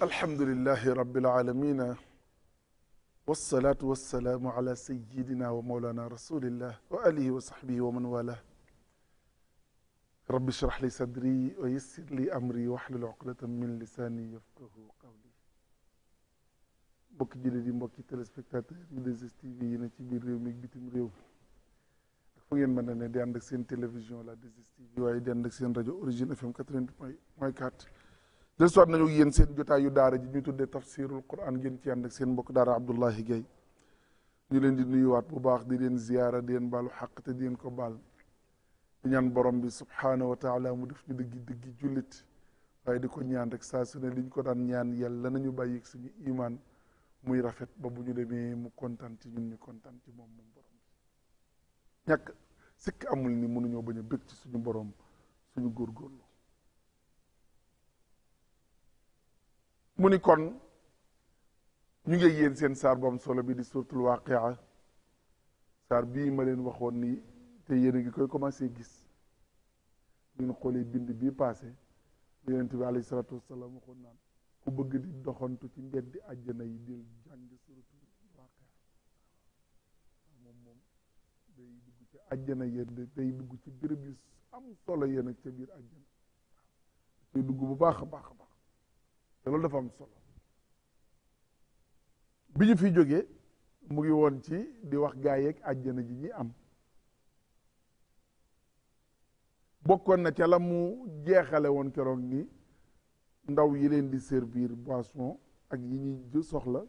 alhamdulilahi rabbil aalamiina wassalaatu wassalaamu ala sayyidina wa mawlaana rasulillah wa alihi wa sahbihi wa man waalaa rabbi shrah li sadri wa yassir li amri wahlul uqdatan min lisaani yafqahu qawli mbokki jullit yi mbokki téléspectateur yu 2STV yi ne ci biir réew mi ak bitim réew ak fu ngeen mën a ne di ànd ak seen télévision la 2STV waaye di ànd seen rajo origine FM 88 point 4. del soit nañu yéen seen jotaayu daara ji ñu tuddee tafsirul quran ngeen ci ànd ak seen mbokk daara Abdoulahi Gaye ñu leen di waat bu baax di leen ziyaara di leen baalu xaq te di leen ko baal di ñaan borom bi subhaanahu wa taala mu def ñu dëggi dëggi jullit waaye di ko ñaan rek su ne ko daan ñaan yàlla nañu bàyyi suñu muy rafet ba bu ñu demee mu kontaan ci ñun ñu kontaan ci moom moom borom ñàkk sikk amul ni mënuñoo ba a bëgg ci suñu borom suñu góor góorgóorlu mu ni kon ñu ngi yéen seen saar bu am solo bi di suuratul waaqia saar bii ma leen waxoon ni te yéen ngi koy commencé gis ñu xoolee bind bii passé yonent bi alayhi salaatu wasalaam waxoon naan ku bëgg di doxantu ci mbeddi àjjana yi dil jàng suratul waaqia moom moom day dugg ci àjjana ya day dugg ci béréb yu am solo ya nag ca biir àjjana day dugg bu baax a baax a baax te loolu dafa am solo bi ñu fi jógee mu ngi woon ci di wax gaa yeeg àjjana ji ñi am bokkoon na ca la mu jeexale woon keroog nii ndaw yi leen di servir boisson ak yi ñuy soxla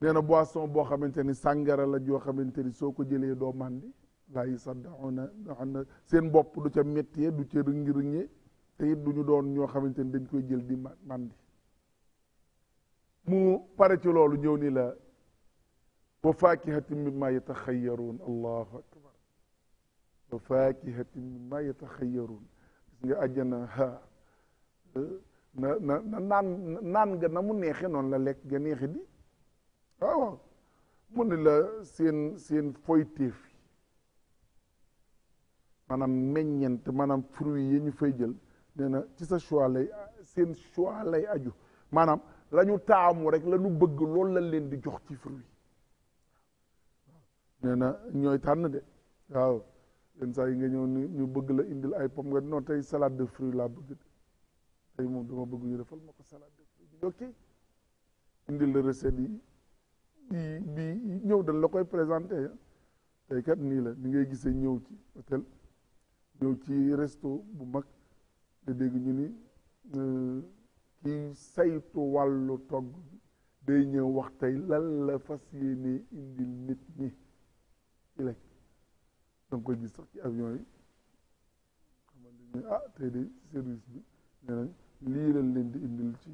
nee na boisson boo xamante ni sàngara la joo xamante ni soo ko jëlee doo màndi laa yi saddaxoona xam ne seen bopp du ca mettee du ca rëngi-rëngee te it du doon ñoo xamante ni dañ koy jël di màndi mu pare ci loolu ñëw nii la wa fakihatin mimma yataxayaruun allahu akbar wa fakihatin mimma yataxayaruun gis nga àjjana na na naan naan nga na mu neexe noonu la lekk nga neexe di waaw mu ne la seen seen foyteef yi maanaam meññent maanaam fruit yi ñu fay jël nee na ci sa choix lay seen lay aju maanaam lañu ñu taamu rek la ñu bëgg lool la leen di jox ci fruit nee na ñooy tànn de waaw yenn saa yi nga ñëw ñu bëgg la indil ay pomme nga noo tey salade de fruit laa bëgg de tey moom dama bëgg ñu defal ma ko salade de ok indil la recette yi bii bii ñëw dañ la koy présenté tey kat nii la ni ngay gisee ñëw ci hôtel ñëw ci resto bu mag te dégg ñu ni euh, kii saytu wàllu togg day ñëw wax tey lan la fas yéene indil nit ñi ci lekk danga koy gis sax ci avion yi ah, tey de service bi nee lii lañ leen di indil ci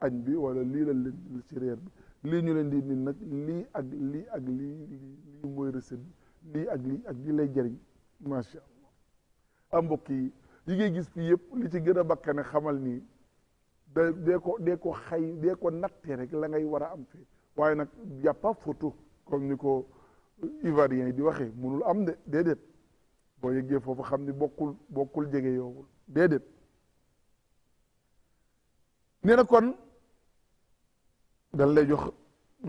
añ bi wala lii lañ lii ñu leen di indil nag lii ak lii ak lii lii mooy recette lii ak lii ak lii lay jëriñ macha allah am ah, mbokk yi yi ngay gis fii yëpp li ci gën a bakkane xamal nii da dee ko dee ko xay dee ko la ngay war a am fii waaye nag y a photo comme ni ko ivoirien yi di waxee mënul am de déedéet boo yeggee foofu xam ni bokkul bokkul jege yoowul déedéet nee kon dañ lay jox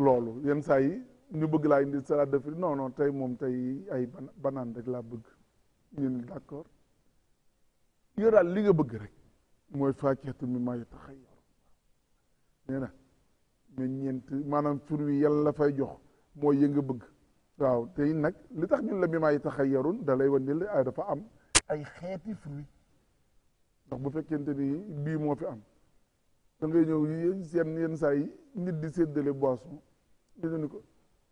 loolu yenn saa yi ñu bëgg laa indi salade de fruits non non tey moom tey ay banaan rek laa bëgg ñu ni d'accord yow li nga bëgg rek mooy fàcceetu mi maa yota xëy nee na mais ñeent maanaam fruit yi yàlla fay jox mooy yë bëgg waaw tey nag li tax ñun la mi maa ay xëy yarun da lay wane ay dafa am ay xeeti fruit ndax bu fekkente ni bii moo fi am da ngay ñëw yéen seen yenn nit di séddale boisson ko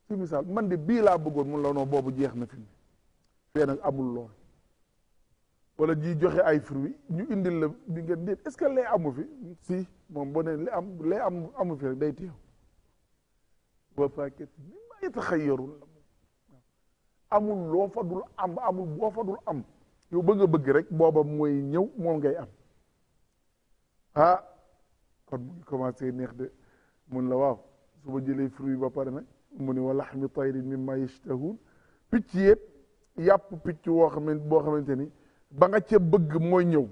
ci man de bii laa bëggoon mun la boobu jeex na fi nag amul lool ji joxe ay fruits ñu indil la bi ngeen est-ce que lee amu fi si moom boo nee li am am amul loo fa dul am amul boo fa dul am yow bëgg a bëgg rek booba mooy ñëw moom ngay am ah, kon mu ngi commencé neex de mun la waaw su ma jëlee fruit ba pare nag mu ni wa laxmi mi mimma yashtahun picc yëpp yàpp picc woo xamante boo xamante ni ba nga ceeb bëgg mooy ñëw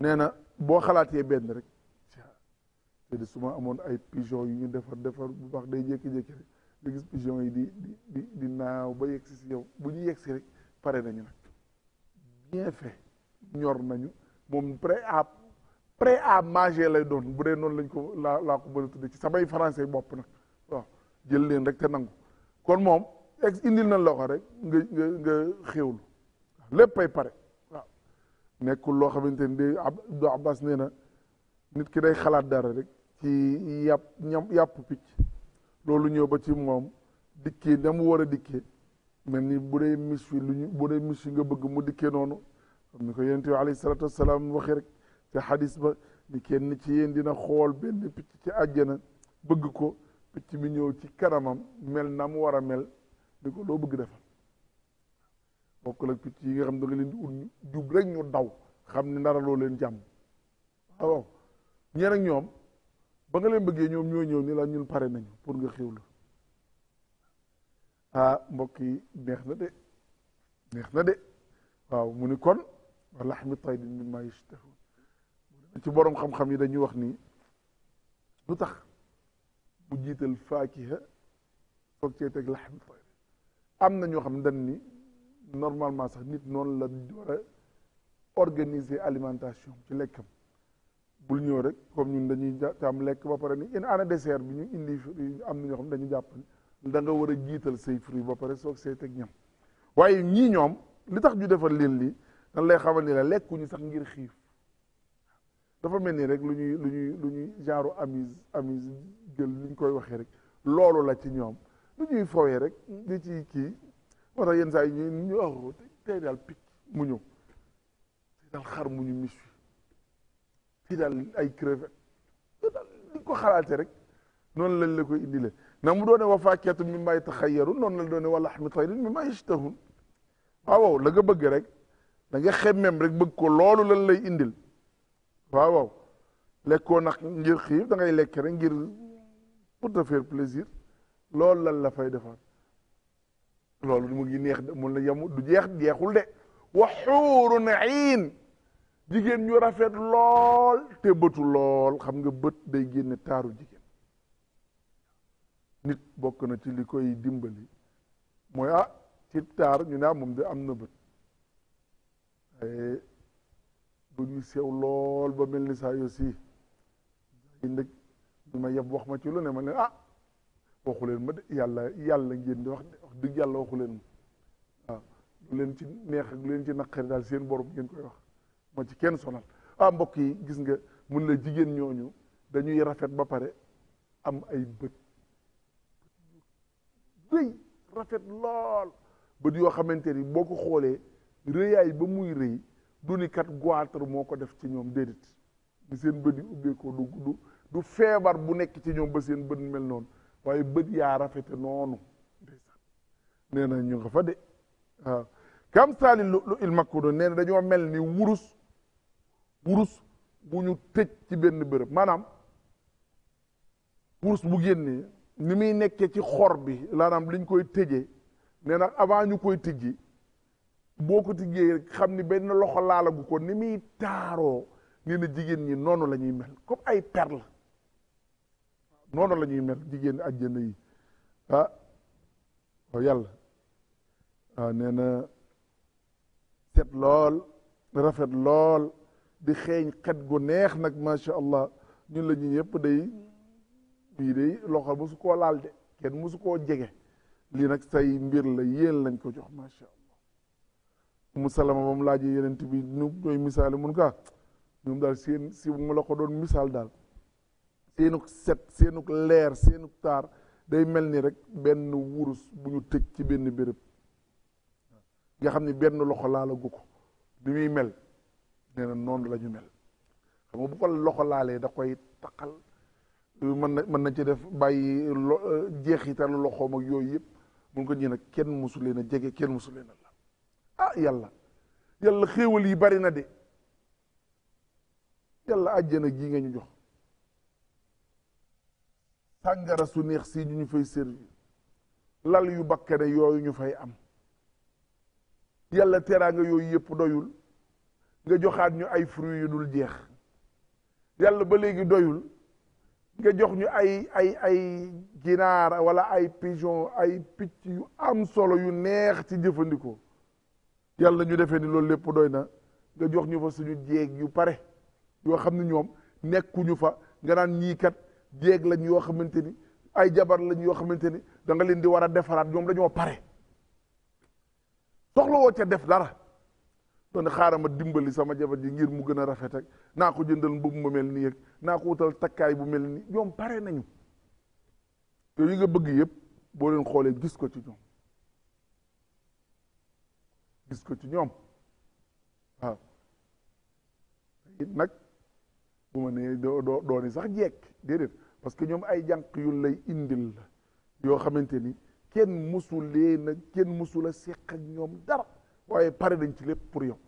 nee na boo xalaatee benn rek te di su ma amoon ay pigeon yu ñu defar defar bu baax day jékki-jékki rek nga gis pigeon yi di di di naaw ba yegsi si yow bu ñu yegsi rek pare nañu nag bien fait ñor nañu moom prêt à prêt à manger lay doon bu dee noonu lañ ko laa laa ko bëgg a samay français bopp nag waaw jël leen rek te nangu kon moom ex indil nañ la ko rek nga nga nga lépp ay pare waaw nekkul loo xamante ni de Abdou Abbas nee na nit ki day xalaat dara rek ci yàpp ñam yàpp picc loolu ñëw ba ci moom dikkee na mu war a dikkee mel ni bu dee mis wi lu ñu bu dee mis wi nga bëgg mu dikkee noonu ni ko yonent bi alayhi salaatu wasalaam waxee rek te xadis ba ni kenn ci yéen dina xool benn picc ci àjjana bëgg ko picc mi ñëw ci kanamam mel na mu war a mel ni ko loo bëgg defal bokkul ak picc yi nga xam ne da nga leen di ut jub rek ñu daw xam ni nara loo leen jàmm waaw ñeen ñoom ba nga leen bëggee ñoom ñoo ñëw ni la ñun pare nañu pour nga xéwlu ah mbokk yi neex na de neex na de waaw mu ni kon wa laxmi taydin mimma yashtahun ci boroom xam-xam yi dañuy wax nii lu tax mu jiital faakiha soog cee teg laxm tayr am na ñoo xam dañ ni normalement sax nit noonu la war a organiser alimentation ci lekkam bul ñëw rek comme ñun dañuy taam lekk ba pare ni in ana dessert ñu indi am na ñoo xam dañu jàpp ni da nga war a jiital say fruit ba pare soo see teg ñam waaye ñii ñoom lu tax ñu defal leen lii dañ lay xamal ni la lekkuñu sax ngir xiif dafa mel ni rek lu ñuy lu ñuy lu ñuy genre amise amis gël li ñu koy waxee rek loolu la ci ñoom lu ñuy fowee rek di ci kii moo tax yenn saa yi ñu ñu wax oh, tey daal picc mu ñëw tey daal xar mu ñu mis fii daal ay crevette daal li ko xalaatee rek noonu lañ la koy indile na mu doone wa faakiyatun mimmaa yataxayyaruun noonu la doone wa laxmi tayrin mimmaa yashtahuun waaw la nga bëgg rek da nga rek bëgg ko loolu lan lay indil waaw waaw lekkoo nag ngir xiif da ngay lekk rek ngir pour te plaisir loolu lan la fay defaat loolu mu ngi neex de mun na yemu du jeex jeexul de wa xuurun iin jigéen ñu rafet lool te bëtu lool xam nga bët day génne taaru jigéen nit bokk na ci li koy dimbali mooy ah ci taar ñu ne am ah, moom de am na bët eh, ba ñu sew lool ba mel ni saa yoo yi nag ma yeb wax ma ci lu ne ma ne ah waxu leen ma de yàlla yàlla ngeen di wax wax dëgg yàlla leen ma waaw leen ci neex ak leen ci naqari daal seen borom ngeen koy wax ma ci kenn sonal ah mbokk yi gis nga mun la jigéen ñooñu dañuy rafet ba pare am ay bët rafet lool bët yoo xamante ni boo ko xoolee rëyaay ba muy rëy du ni kat goitre moo ko def ci ñoom déedéet di seen bët yi ubbeekoo du du feebar bu nekk ci ñoom ba seen bët mel noonu waaye bët yaa rafete noonu nee na ñu nga fa de waaw kam saali lu lu il makkudo nee na dañoo mel ni wurus wurus bu ñu tëj ci benn bërëb maanaam wurus bu génnee ni muy nekkee ci xor bi maanaam liñ koy tëjee nee na avant ñu koy tëjji boo ko tiggéey xam ni benn loxo laalagu ko ni muy taaroo nee jigéen ñi noonu la ñuy mel comme ay la noonu la ñuy mel jigéen àjjana yi ah waaw yàlla waaw na set lool rafet lool di xeeñ xet gu neex nag macha allah ñun la ñu yëpp day bii day loxo mosu koo laal de kenn mosu koo jege lii nag say mbir la yéen lañ ko jox macha allah mu salama ba mu laajee yeneen bi ñu ñooy misaale mun kaa ñoom daal seen si mu la ko doon misaal daal seenuk set seenuk leer seenuk taar day mel ni rek benn wurus bu ñu tëj ci benn béréb nga xam ni benn loxo laalagu ko bi muy mel nee na noonu la ñu mel xam nga bu ko loxo laalee da koy taqal mën na mën na ci def bàyyi lo jeexital loxoom ak yooyu yëpp mun ko ñi nag kenn mosu leen a jege kenn mosu leen ah yàlla yàlla xéewal yi bari na de yàlla àjjana gii nga ñu jox sàngara su neex si ñu ñu fay servir lal yu bakkane yooyu ñu fay am yàlla teraanga yooyu yëpp doyul nga joxaat ñu ay fruits yu dul jeex yàlla ba léegi doyul nga jox ñu ay ay ay ginaar wala ay pigeon ay picc yu am solo yu neex ci jëfandikoo yàlla ñu defee ni loolu lépp doy na nga jox ñu fa suñu jéeg yu pare yoo xam ne ñoom nekkuñu fa nga naan ñii kat jéeg lañ yoo xamante ni ay jabar lañ yoo xamante ni danga leen di war a defaraat ñoom dañoo pare soxla ca def dara doon xaaral ma dimbali sama jabar ji ngir mu gën a rafet ak naa ko jëndal mbubb mu mel nii ak naa ko wutal takkaay bu mel ni ñoom pare nañu yooyu nga bëgg yëpp boo leen xoolee gis ko ci ñoom gis ko ci ñoom waaw it nag bu ma nee doo doo dooni sax jekk déedéet parce que ñoom ay jànq yu lay indil la yoo xamante ni kenn musu leen nag kenn musula seq ak ñoom dara waaye pare dañ ci lépp pour yow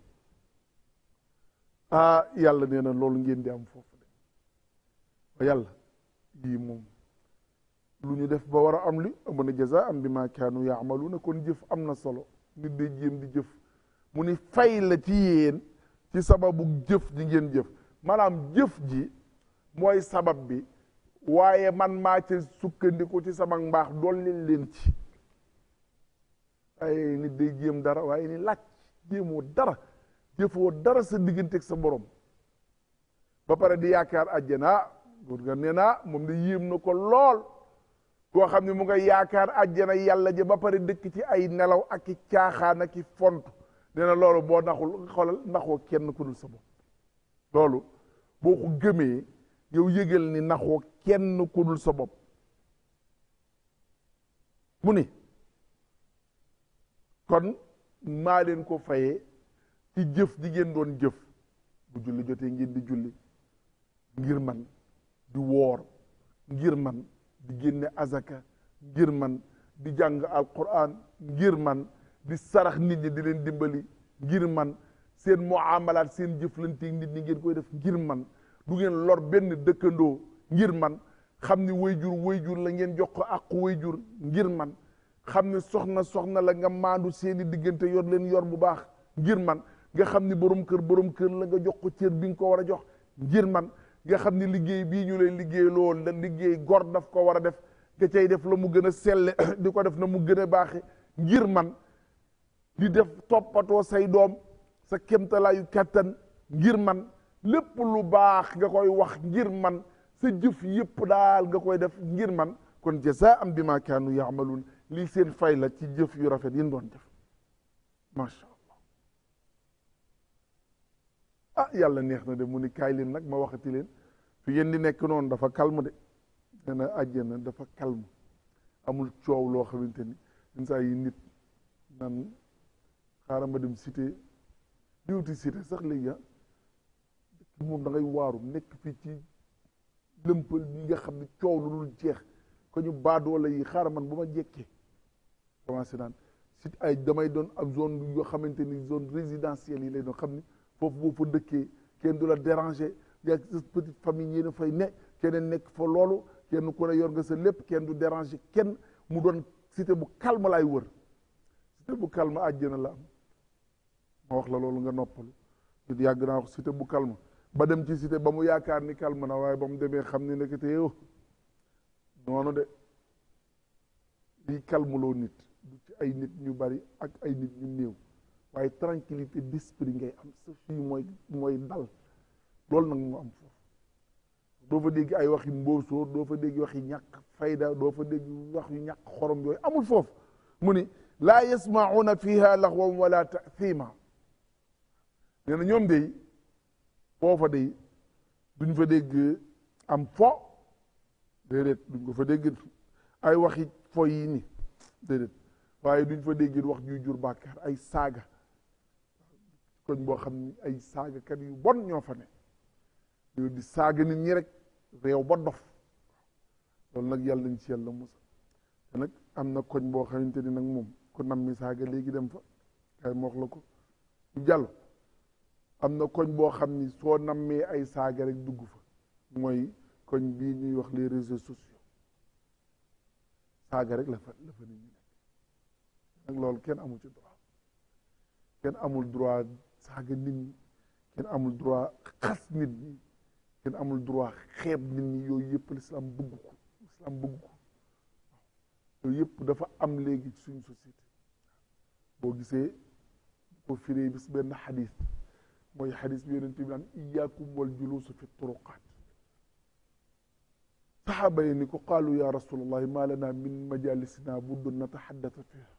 ah yàlla nee na loolu ngeen di am foofu de yàlla lii moom lu ñu def ba war a am lu mën na jaza am bi ma kaanu yaamaluuna kon jëf am na solo nit day jéem di jëf mu ni fay la ci yéen ci sababu jëf ji ngeen jëf manaam jëf ji mooy sabab bi waaye man maa ci sukkandiku ci sama mbaax dollil leen ci ay nit day jéem dara waaye ni laaj jéemoo dara jëfoo dara sa digganteeg sa borom ba pare di yaakaar àjjana góor nga nee naa moom de yéem na ko lool boo xam ne mu nga yaakaar àjjana yàlla ji ba pare dëkk ci ay nelaw ak i caaxaan ak i font dina loolu boo naxul xoolal naxoo kenn ku dul sa loolu boo ko gëmee yow yëgal ni naxoo kenn ku dul sa bopp mu ni kon maa leen ko fayee ci jëf di ngeen doon jëf bu julli jotee ngeen di julli ngir man di woor ngir man di génne azaka ngir man di jàng alquran ngir man di sarax nit ñi di leen dimbali ngir man seen muamalaat seen jëflanteeg nit ñi ngeen koy def ngir man du ngeen lor benn dëkkandoo ngir man xam ni wayjur jur la ngeen jox ko àqu jur ngir man xam ni soxna soxna la nga maandu seeni diggante yor leen yor bu baax ngir man nga xam ni borom kër borom kër la nga jox ko cër bi nga ko war a jox ngir man nga xam ni liggéey bii ñu lay liggéey lool la liggéey gor daf ko war a def nga cay def la mu gën a selle di ko def na mu gën a baaxe ngir man di def toppatoo say doom sa kémtalaayu kàttan ngir man lépp lu baax nga koy wax ngir man sa jëf yëpp daal nga koy def ngir man kon am bi bimaa kaanu yaamaluun lii seen fay la ci jëf yu rafet yi ñu doon ah yàlla neex na de mu ni kaay leen nag ma waxati leen fi ngeen di nekk noonu dafa calme de nee na dafa calme amul coow loo xamante ni yenn saa yi nit nan xaaral ma dem cité diwti cité sax léegi ah moom da ngay waaru nekk fii ci lëmpal bi nga xam ne coow lu dul jeex ko ñu baadoole yi xaaral man bu ma jekkee commencé naan si ay damay doon ab zone yoo xamante ni zone résidentielle yi lay doon xam ni foofu boo fa dëkkee kenn du la déranger yaa sa petite famille yéen fay ne keneen nekk fa loolu kenn ku ne yor nga sa lépp kenn du déranger kenn mu doon cité bu calme laay wër cité bu calme àjjana la am ma wax la loolu nga noppalu it yàgg naa wax cité bu calme ba dem ci cité ba mu yaakaar ni calme na waaye ba mu demee xam ne nekk te yow oh, noonu de liy calmeloo nit du ci ay nit ñu bari ak ay nit ñu néew waaye tranquillité d'esprit ngay am sa fii mooy mooy dal loolu nag moo am foofu doo fa dégg ay waxi mbóosóor doo fa dégg waxi ñàkk fayda doo fa dégg wax yu ñàkk xorom yooyu amul foofu mu ni laa yasmauna fiha laxwan wala tathima nee na ñoom day foofa day duñ fa dégg am fo déedéet duñ fa dégg ay waxi fo yi ni waaye duñ fa dégg wax juy jur bàkkaar ay saaga koñ boo xam ni ay saagakat yu bon ñoo fa ne yooyu di saaga nit ñi rek réew ba dof loolu nag yàlla nañ ci yàlla musa te nag am na koñ boo xamante ni nag moom ku nam mi saaga léegi dem fa kay la ko du jàll am na koñ boo xam ni soo nammee ay saaga rek dugg fa mooy koñ bii ñuy wax les réseaux sociaux saaga rek la fa la fa nit ñi nekk nag loolu kenn amul ci droit kenn amul droit saaga nit ñi kenn amul droit xas nit ñi amul droit xeeb nit ñi yooyu yëpp lislaam bëgg ko lislaam bëgg ko yëpp dafa am léegi ci suñu société boo gisee fi firee bis benn xadis mooy xadis bi yonent bi naan iyaakum fi turuqaat saxaaba yi ni ko qaalu ya rasulallahi ma lana min majalisina buddun nataxaddasa fiha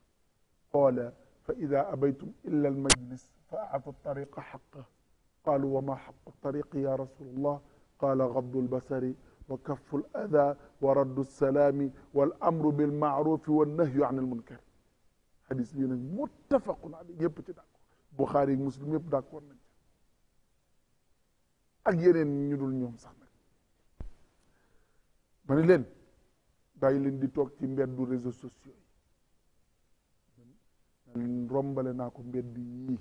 qaala fa ida abaytum illa almajlis fa aatu tariqa xaqa qaalu wa maa xaqu tariqi ya rasulallah qaala gaddu albasari wa kafu aladaa wa raddu alsalaami walamru bilmaarufi wannahyu an almunkar xadis bii nag muttafaqun aley yépp ci d'accord Buxaari ak Muslim yépp d'accord nañ ak yeneen ñu dul ñoom sax nag ma ne leen bàyyi leen di toog ci mbeddu réseaux sociaux yi rombale naa ko mbedd yii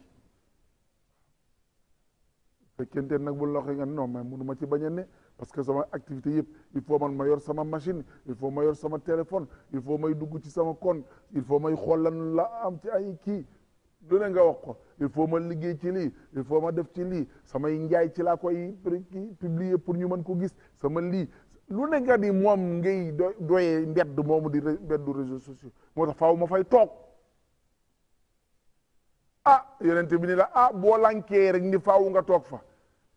fekkente nag bu loxo nga non ma mënu ma ci bañ a ne parce que sama activité yëpp il faut man ma yor sama machine il faut yor sama téléphone il faut may dugg ci sama kon il faut may xool lan la am ci ay kii lu ne nga wax ko il faut ma liggéey ci lii il faut ma def ci lii samay njaay ci laa koy kii publier pour ñu mën ko gis sama lii lu ne nga ni moom ngay doyee mbedd moomu di mbeddu réseau sociaux moo tax faaw ma fay toog ah yonent bi nii la ah boo lankee rek ni faaw nga toog fa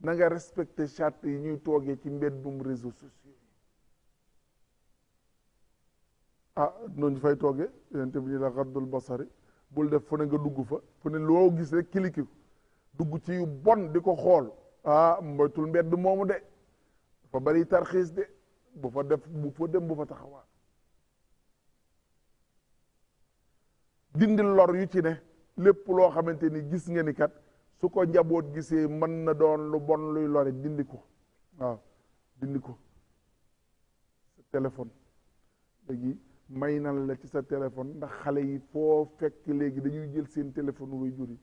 na nga respecté charte yi ñuy toogee ci mbeddum réseaux sociaux ah noonu fay toogee yonent bi ni la xaddul basari bul def fu ne nga dugg fa fu ne loo gis rek kiliki dugg ci yu bon di ko xool ah mboytul mbedd moomu de dafa bari tarxiis de bu fa def bu fa dem bu fa taxawaa dindi lor yu ci ne lépp loo xamante ni gis nga ni kat su ko njaboot gisee mën na doon lu bon luy lore dindi ko waaw dindi ko sa téléphone léegi may na la ci sa téléphone ndax xale yi foo fekk léegi dañuy jël seen téléphone way jur yi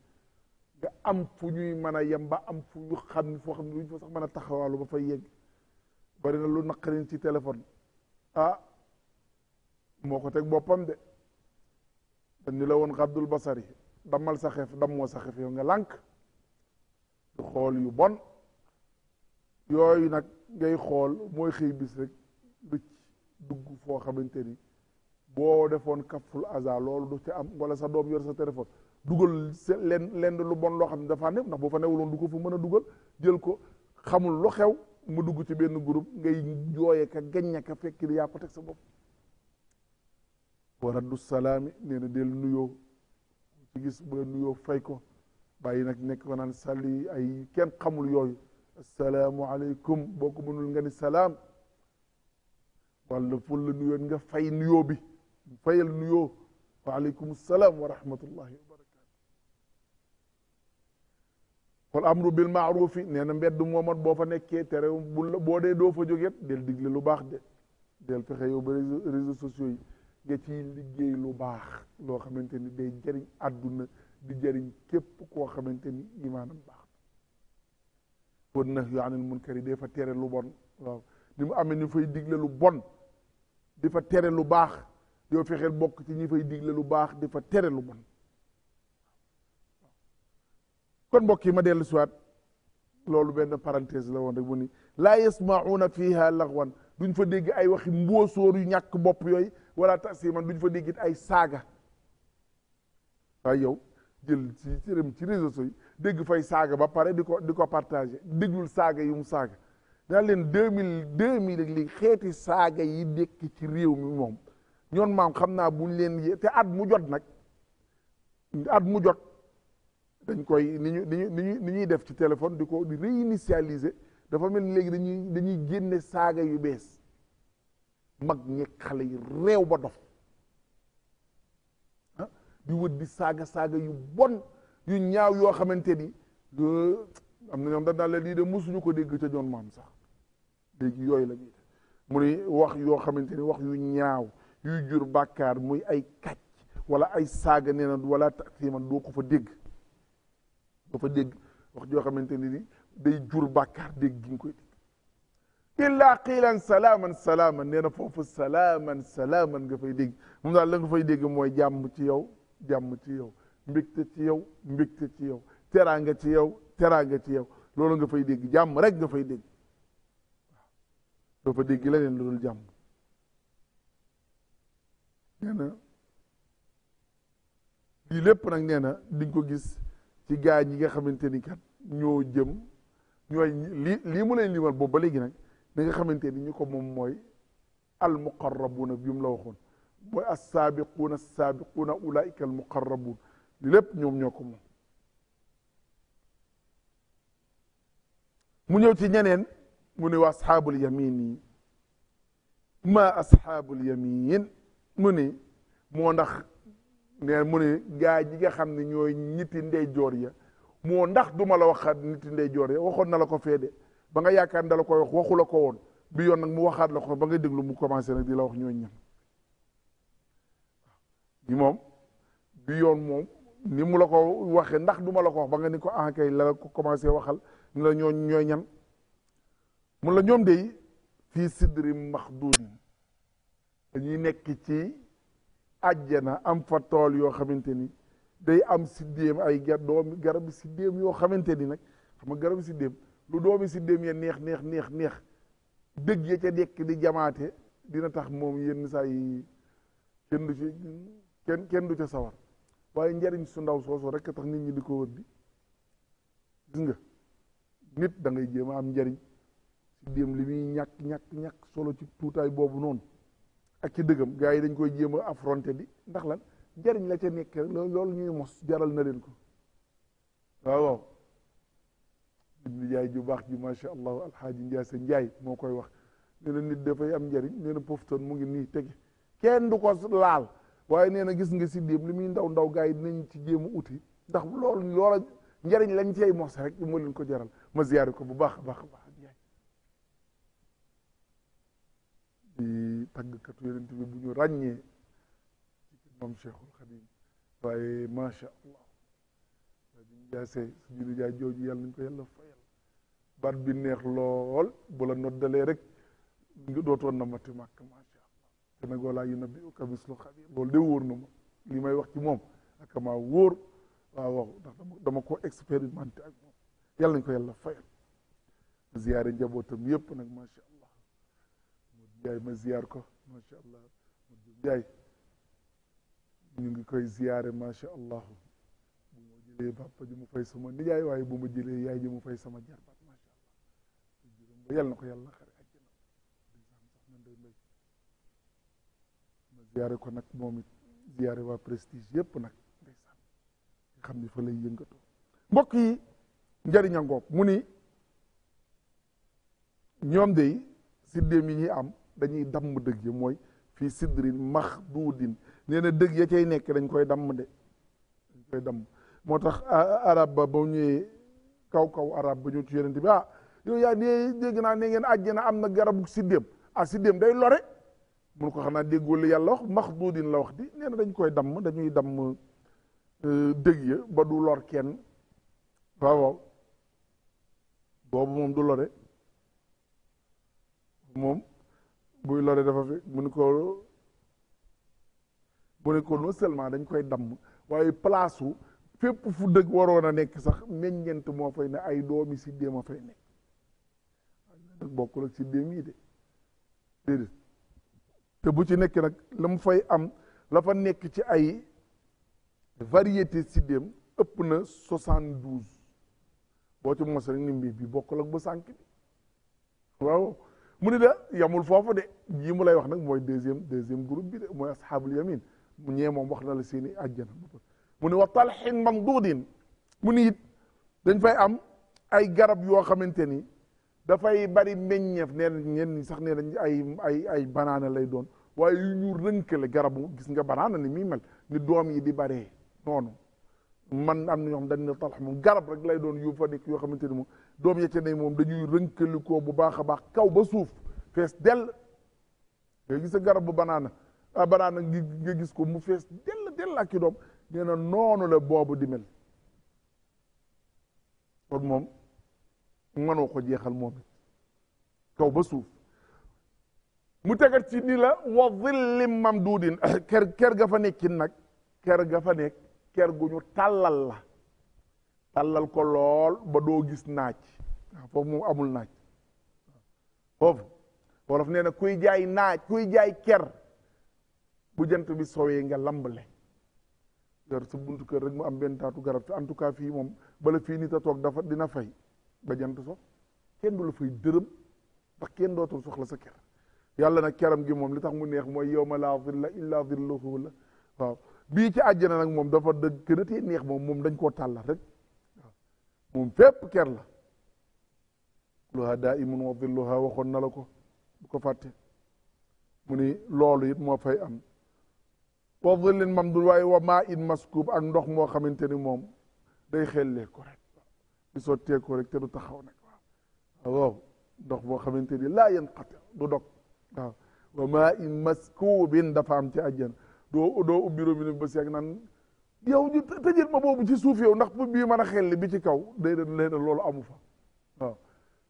nga am fu ñuy mën a yem ba am fu ñu xam ni foo xam ne duñ fa sax mën a taxawaalu ba fa yegg bari na lu naqarin ci téléphone ah moo ko teg boppam de ni la woon xabdul basari dammal sa xef dammoo sa xef yow nga lànk di xool yu bon yooyu nag ngay xool mooy xëy bis rek du dugg foo xamante ni boo defoon kaful aza loolu du ci am wala sa doom yor sa téléphone dugal leen leen lu bon loo xam ne dafa ne ndax boo fa newuloon du ko fa mën a dugal jël ko xamul lu xew mu dugg ci benn groupe ngay jooye ka gañña ka fekk ni yaa ko teg sa bopp wa raddu salaami nee del nuyoo gis ba nuyoo fay ko nag nekk ko naan sàlli ay kenn xamul yooyu asalaamualeykum boo ko mënul nga ni salaam walla ful la nuyoo nga fay nuyoo bi fayal nuyoo waaleykum salaam wa rahmatullahi wa barakatu wal amru bil maarufi nee na mbedd moomat boo fa nekkee tere bu boo dee doo fa jóget del digle lu baax de del fexe yow ba réseaux sociaux yi nga ciy liggéey lu baax loo xamante ni day jëriñ àdduna di jëriñ képp koo xamante ni imaanam baax wan nahyu anil munkari day fa tere lu bon waaw ni mu amee ñu fay digle lu bon di fa tere lu baax yow fexeel bokk ci ñi fay digle lu baax di fa tere lu bon kon mbokk yi ma dellu siwaat loolu benn parenthèse la woon rek mu ni laa yasmauna fiha lagwan duñ fa dégg ay waxi mbóosóor yu ñàkk bopp yooyu wala man duñ fa déggit ay saaga waaye yow jël ci cërëm ci réseaux sociaux yi dégg fay saaga ba pare di ko di ko partagé déglul saaga yu mu saaga daa leen deux mille deux mille xeeti saaga yi dékk ci réew mi moom ñoon maam xam naa bu leen yee te at mu jot nag at mu jot dañ koy ni ñu ni ni ñuy def ci téléphone di ko di réinitialiser dafa mel ni léegi dañuy dañuy génne saaga yu bees mag ñeeg xale yi réew ba dof ah, di wër saaga saaga yu bon yu ñaaw yoo xamante ni am na ñoom dañ daan la lii de mosuñu ko dégg ca ñoon maam sax léegi yooyu la ñuy mu ni wax yoo xamante ni wax yu ñaaw yuy jur bàkkaar muy ay kàcc wala ay saaga nee na wala taqsiman doo ko fa dégg doo fa dégg wax joo xamante ni day jur bàkkaar dégg gi nga koy dégg illa qiilan salaaman salaaman nee na foofu salaaman salaaman nga fay dégg moom daal la nga fay dégg mooy jàmm ci yow jàmm ci yow mbégte ci yow mbégte ci yow teraanga ci yow teraanga ci yow loolu nga fay dégg jàmm rek nga fay dégg doo fa dégg leneen lu dul jàmm nee lii lépp nag nee na ko gis ci gaa ñi nga xamante ni ñoo jëm ñooy lii lii mu lay limal boobu ba léegi nag bi nga xamante ni ñu ko moom mooy almuqarrabuuna bi mu la waxoon mooy assaabiquuna assaabiquuna ulaika almuqarrabuun lépp ñoom ñoo ko moom mu ñëw ci ñeneen mu ne wa asxaabul yamin yi ma asxaabul yamin mu ni moo ndax neen mu ne gaa yi nga xam ne ñooy ñitti ndeyjoor ya moo ndax duma la waxaat ñitti ndeyjoor ya waxoon na la ko fee de ba nga yaakaar ni dala koy wax waxu la ko woon bi yoon nag mu waxaat la ko ba nga déglu mu commencé nag di la wax bi moom yoon moom ni mu la ko waxee ndax du ma la ko wax ba nga ni ko ah la ko commencé waxal la ñoo ñooy ñan mun la ñoom de fii max maxduud dañuy nekk ci àjjana am fa tool yoo xamante ni day am siddéem ay gar doomi garab siddéem yoo xamante ni nag xam nga garab siddéem lu doomi si dem ya neex neex neex neex dëgg ya ca dekk di jamaate dina tax moom yenn saa yi kenn du ci kenn kenn du ca sawar waaye njariñ su ndaw soosu rek tax nit ñi di ko wër bi gis nga nit dangay jéem a am njariñ si li muy ñàkk ñàkk solo ci tuutaay boobu noonu ak ci dëggam gaa yi dañ koy jéem a affronté di ndax lan njariñ la ca nekk lool ñuy mos jaral na leen ko waaw nijaay ju baax ji macha allah alxaaji njaay sa njaay moo koy wax nee na nit dafay am njariñ nee na mu ngi nii tege kenn du ko laal waaye nee na gis nga si déem li muy ndaw ndaw gars yi ci jéem a uti ndax lool loola njariñ la cey mos rek du ma leen ko jaral ma ziyaare ko bu baax a baax a baax njaay di tàggkatu yonent bi bu ñu ràññee ci moom cheikhul xadim waaye macha allah yaa sey suñu nijaay jooju yàlla nañ ko yàlla fayal baat bi neex lool bu la noddalee rek dootoon na mati màkk macha allah te nag yu na bi uka mislu xabir loolu de wóor na ma li may wax ci moom ak maa wóor waaw ndax dama ko expérimenté ak moom yàlla ko yàlla fayal ma ziyaare njabootam yépp nag macha allah Modou Ndiaye ma ziyaar ko macha allah Modou Ndiaye ñu ngi koy ziyaare macha allah bu ma jëlee mu fay sama nijaay waaye bu ma jëlee yaay ji fay sama jarbat ba yàlla na ko yàlla xare àjjana sax man day mbay ma ziyaare ko nag moom it ziyaare waa prestige yépp nag ndeysaan nga xam ni fa lay yëngatoo mbokk yi njariña ngoog mu ni ñoom de siddeem yi ñuy am dañuy damm dëgg yi mooy fii sidrin max duudin nee na dëgg ya cay nekk dañ koy damm de dañ koy damm moo tax arab ba ba ñëwee kaw kaw arab ba ñëw ci yonent bi ah yow yaa dégg naa ne ngeen àjjana am na garabu siddéem a ah, siddéem day lore mun ko xanaa déggoo la yàlla wax maxduudin la wax di nee na dañ koy damm dañuy damm euh, dëgg ya ba du lor kenn waaw boobu moom du lore moom buy lore dafa fekk mu ne ko mu ne dañ koy damm waaye palaasu su fépp fu dëgg waroon a nekk sax meññent moo fay ne ay doomi siddéem a fay nekk nag bokkul ak siddeem yi de te bu ci nekk nag la mu fay am la fa nekk ci ay variété siddeem ëpp na soixante douze boo ci mos rek ni mbir bi bokkul ak bu sànq bi waaw mu ne da yamul foofu de jii mu lay wax nag mooy deuxième deuxième groupe bi de mooy asxaabul yamin ñee moom wax na la seeni àjjana mu ne wa talxin mamduudin mu ne it dañ fay am ay garab yoo xamante ni dafay bari meññeef neen ñenn sax nee nañ ay ay ay banaana lay doon waaye yu ñu rënkale garabu gis nga banaana ni muy mel ni doom yi di baree noonu man am na ñoo xam dañ ne talax moom garab rek lay doon yu fa nekk yoo xamante ni moom doom ya ca ne moom dañuy rënkali ko bu baax a baax kaw ba suuf fees dell nga gis garabu banaana ah banaana nga gis ko mu fees dell dell ak i doom nee noonu la boobu di mel moom mënoo ko jeexal moom it kaw ba suuf mu tegat ci ni la wa dhillim mamduudin ker ker ga fa nekkin nag ker ga fa nekk ker gu ñu tàllal la tàllal ko lool ba doo gis naaj foofu moom amul naaj foofu wolof nee na kuy jaay naaj kuy jaay ker bu jant bi soowee nga lambale yor su buntu kër rek mu am benn taatu garab en tout cas fii moom bala fii nit a toog dafa dina fay ba jant so kenn du la fay dërëm ndax kenn dootul soxla sa ker yàlla na keram gi moom li tax mu neex mooy yow ma laa zilla illaa zilluhu la waaw bii ci àjjana nag moom dafa da gën a neex moom moom dañ koo tàlla rek waaw moom fépp ker la luha daa imun wa zilluha waxoon na la ko bu ko fàtte mu ni loolu it moo fay am wa zillin mamdud waaye wa maa in maskuub ak ndox moo xamante ni moom day xellee ko rek di teekoo rek te du taxaw nag waaw ndox boo xamante di laa yanqati du dog waaw wa maa in maskuubin dafa am ci àjjana doo doo ubbi robinet bi ba seeg nan yow ñu tëjët ma boobu ci suuf ndax bii mën a xelli bi ci kaw day da loolu amu fa waaw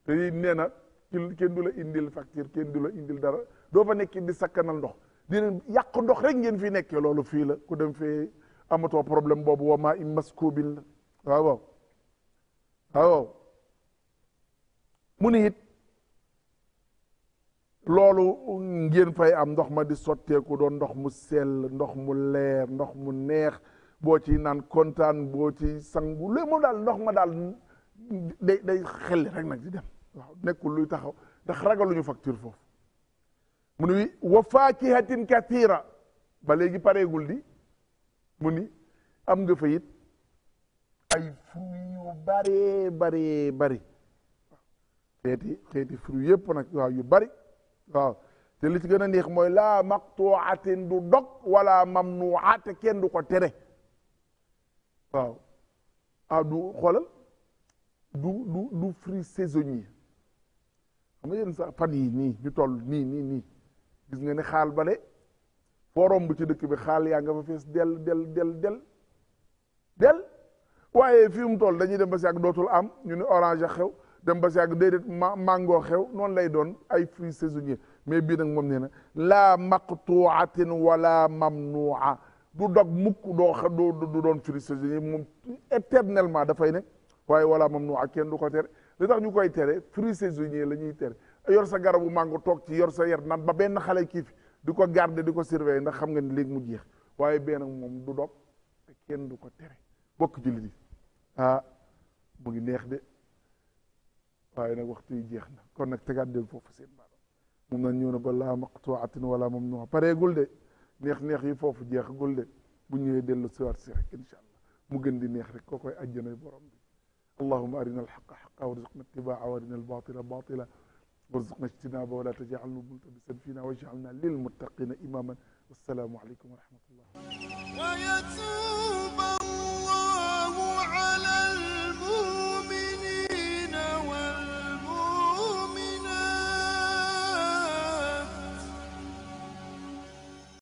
te nee na kenn la indil facture kenn du la indil dara doo fa nekk di sakkanal ndox di leen yàq ndox rek ngeen fi nekkee loolu fii la ku dem fee amatoo problème boobu wa maa in maskuubin waaw waaw mu ni it loolu ngeen fay am ndox ma di sotteeku doon ndox mu sell ndox mu leer ndox mu neex boo ci naan kontaan boo ci sangu léegi moom daal ndox ma daal day day xelli rek nag di dem waaw nekkul luy taxaw ndax ragaluñu facture foofu mu ni wa faakihatin kathira ba léegi pareegul di mu ni am nga fa it bari bari bari xeeti xeeti fruit yu bari te li ci gën a neex mooy laa maqtuatin du dog wala mamnuate kenn du ko tere waaw ah du xoolal du du du fruit saisonnier xam nga yéen sax fan yi nii ñu toll nii nii nii gis nga ni xaal bale foo romb ci dëkk bi xaal yaa nga fa fees del del del del del waaye fi mu toll dañuy dem ba si dootul am ñu ne orange a xew dem ba si yàgg déedéet ma mango xew noonu lay doon ay fruits saisonniers mais bii nag moom nee na laa maqtuatin wala mamnua du dog mukk doo du doon fruits saisonniers moom éternellement dafay ne waaye wala mamnua kenn du ko tere li tax ñu koy tere fruits saisonniers la ñuy tere yor sa garabu mango toog ci yor sa yer naan ba benn xale kii fi di ko garder di ko surveiller ndax xam nga ni léegi mu jeex waaye bee nag moom du dog te bokk jullit yi ah mu ngi neex de waaye nag waxtu yi jeex na kon nag tegaat del foofu seen baaraam moom nag ñëw na ba laa maqtuwaatin wala mamnuuha pareegul de neex neex yi foofu jeexagul de bu ñëwee dellu siwaat si rek incha allah mu gën di neex rek koo koy ajjanay borom bi allahuma arina alxaqa xaqa warzuqna itibaa wa arina albatila batila warzuqna ijtinaaba wala tajcalna multabisan fiina wajcalna lilmuttaqina imaman wassalaamu aleykum wa rahmatullah على المؤمنين